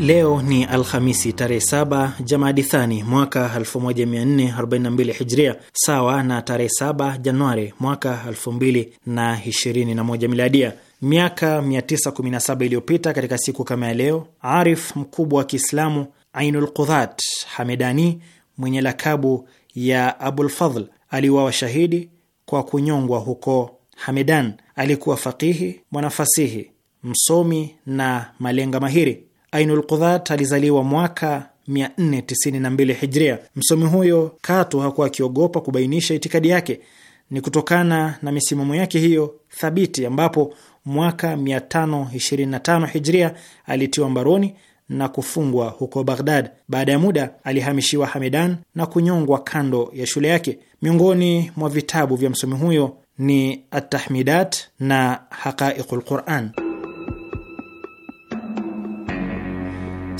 Leo ni Alhamisi tarehe 7 Jamadi Thani mwaka 1442 Hijria, sawa na tarehe 7 Januari mwaka 2021 Miladia. Miaka 917 iliyopita katika siku kama ya leo, arif mkubwa wa Kiislamu Ainul Qudhat Hamedani mwenye lakabu ya Abulfadhl aliuawa shahidi kwa kunyongwa huko Hamedan. Alikuwa faqihi, mwanafasihi, msomi na malenga mahiri. Ainul Qudhat alizaliwa mwaka 492 Hijria. Msomi huyo katu hakuwa akiogopa kubainisha itikadi yake. Ni kutokana na misimamo yake hiyo thabiti ambapo mwaka 525 Hijria alitiwa mbaroni na kufungwa huko Baghdad. Baada ya muda alihamishiwa Hamedan na kunyongwa kando ya shule yake. Miongoni mwa vitabu vya msomi huyo ni Atahmidat na Haqaiqul Quran.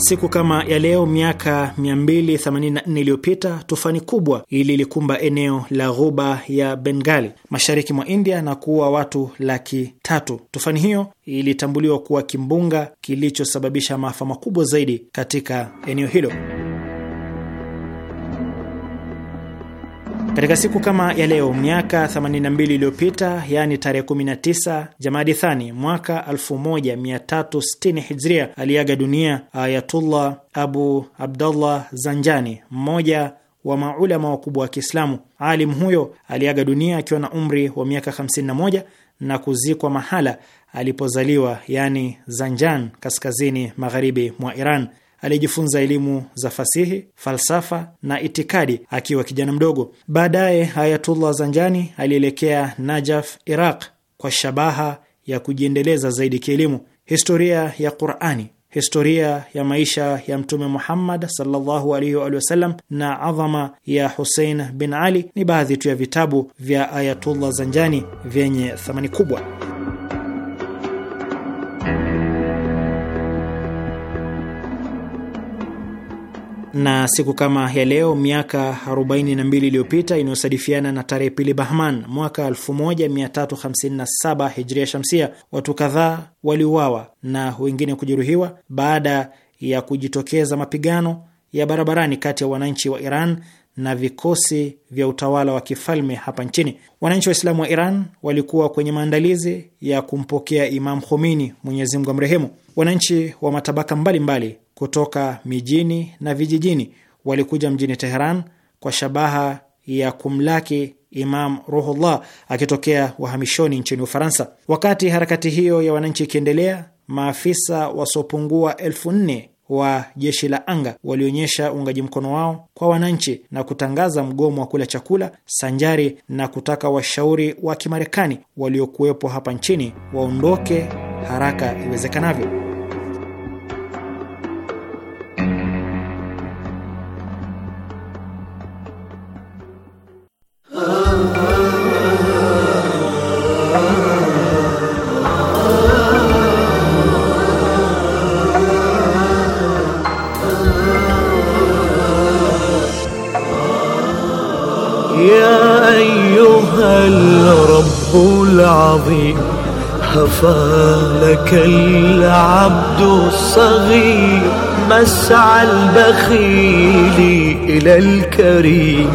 Siku kama ya leo miaka 284 iliyopita tufani kubwa ililikumba eneo la ghuba ya Bengali mashariki mwa India na kuua watu laki tatu. Tufani hiyo ilitambuliwa kuwa kimbunga kilichosababisha maafa makubwa zaidi katika eneo hilo. Katika siku kama ya leo miaka 82 iliyopita, yaani tarehe 19 Jamadi Thani mwaka 1360 Hijria, aliaga dunia Ayatullah Abu Abdallah Zanjani, mmoja wa maulama wakubwa wa Kiislamu. Alim huyo aliaga dunia akiwa na umri wa miaka 51 na kuzikwa mahala alipozaliwa, yaani Zanjan, kaskazini magharibi mwa Iran aliyejifunza elimu za fasihi, falsafa na itikadi akiwa kijana mdogo. Baadaye Ayatullah Zanjani alielekea Najaf, Iraq, kwa shabaha ya kujiendeleza zaidi kielimu. Historia ya Qurani, historia ya maisha ya Mtume Muhammad sallallahu alaihi wa na adhama ya Husein bin Ali ni baadhi tu ya vitabu vya Ayatullah Zanjani vyenye thamani kubwa. na siku kama ya leo miaka 42 iliyopita inayosadifiana na tarehe pili Bahman mwaka 1357 hijria shamsia, watu kadhaa waliuawa na wengine kujeruhiwa baada ya kujitokeza mapigano ya barabarani kati ya wananchi wa Iran na vikosi vya utawala wa kifalme hapa nchini. Wananchi wa islamu wa Iran walikuwa kwenye maandalizi ya kumpokea Imam Khomeini, Mwenyezi Mungu amrehemu. Wananchi wa matabaka mbalimbali mbali kutoka mijini na vijijini walikuja mjini Teheran kwa shabaha ya kumlaki Imam Ruhullah akitokea wahamishoni nchini Ufaransa. Wakati harakati hiyo ya wananchi ikiendelea, maafisa wasiopungua elfu nne wa jeshi la anga walionyesha uungaji mkono wao kwa wananchi na kutangaza mgomo wa kula chakula sanjari na kutaka washauri wa Kimarekani waliokuwepo hapa nchini waondoke haraka iwezekanavyo. يا أيها الرب العظيم العبد الصغير مسعى البخيل إلى الكريم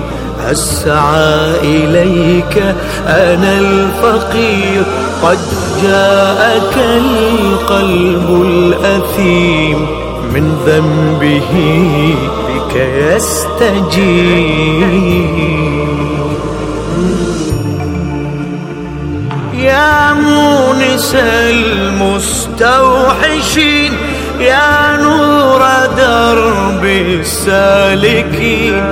أسعى إليك أنا الفقير قد جاءك القلب الأثيم من ذنبه بك يستجيب يا مونس المستوحشين يا نور دربي السالكي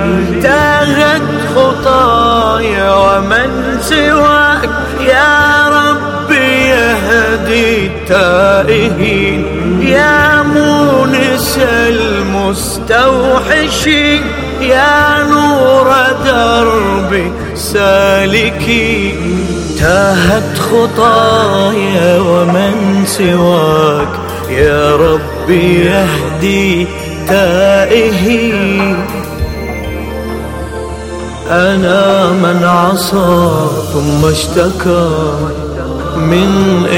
تاهت خطايا ومن سواك يا ربي يهدي التائهين يا مونس المستوحشين يا نور دربي سالكي تاهت خطايا ومن سواك يا رب ربي يهدي أنا من عصى ثم اشتكى من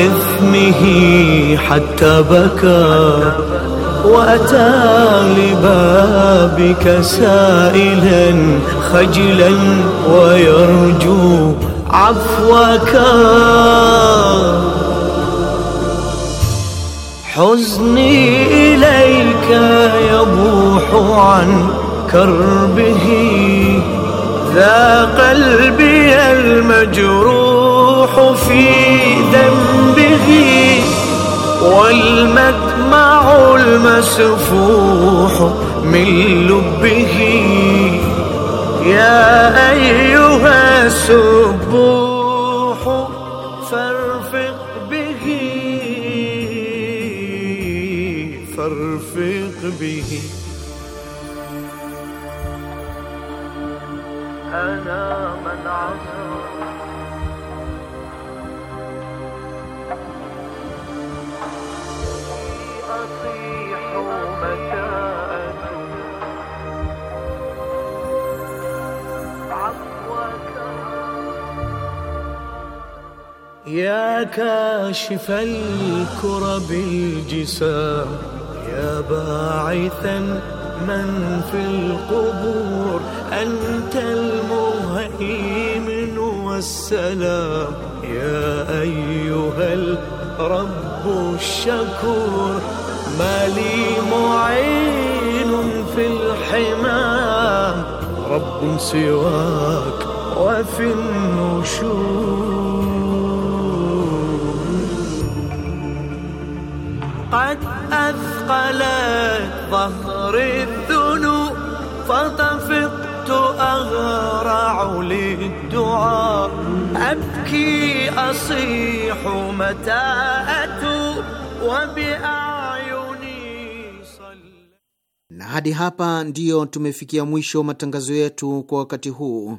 إثمه حتى بكى وأتى لبابك سائلا خجلا ويرجو عفوك حزني إليك يبوح عن كربه ذا قلبي المجروح في ذنبه والمدمع المسفوح من لبه يا أيها السبوح به أنا من عصى أصيح عفوك يا كاشف الكرب الجسام باعثا من في القبور أنت المهيمن والسلام يا أيها الرب الشكور ما لي معين في الحمام رب سواك وفي النشور قد ثقلت ظهر الذنوب فطفقت أغرع للدعاء أبكي أصيح متى أتوب صلى. Na hadi hapa ndiyo tumefikia mwisho matangazo yetu kwa wakati huu.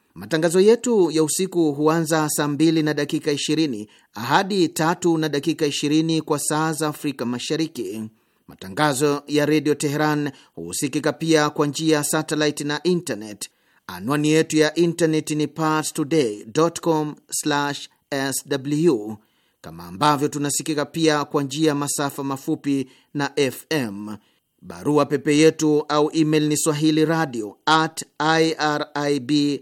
Matangazo yetu ya usiku huanza saa 2 na dakika 2h0 hadi tatu na dakika 2shii0 kwa saa za Afrika Mashariki. Matangazo ya redio Teheran husikika pia kwa njia ya satellite na internet. Anwani yetu ya internet ni parstoday.com/sw, kama ambavyo tunasikika pia kwa njia ya masafa mafupi na FM. Barua pepe yetu au email ni swahili radio at irib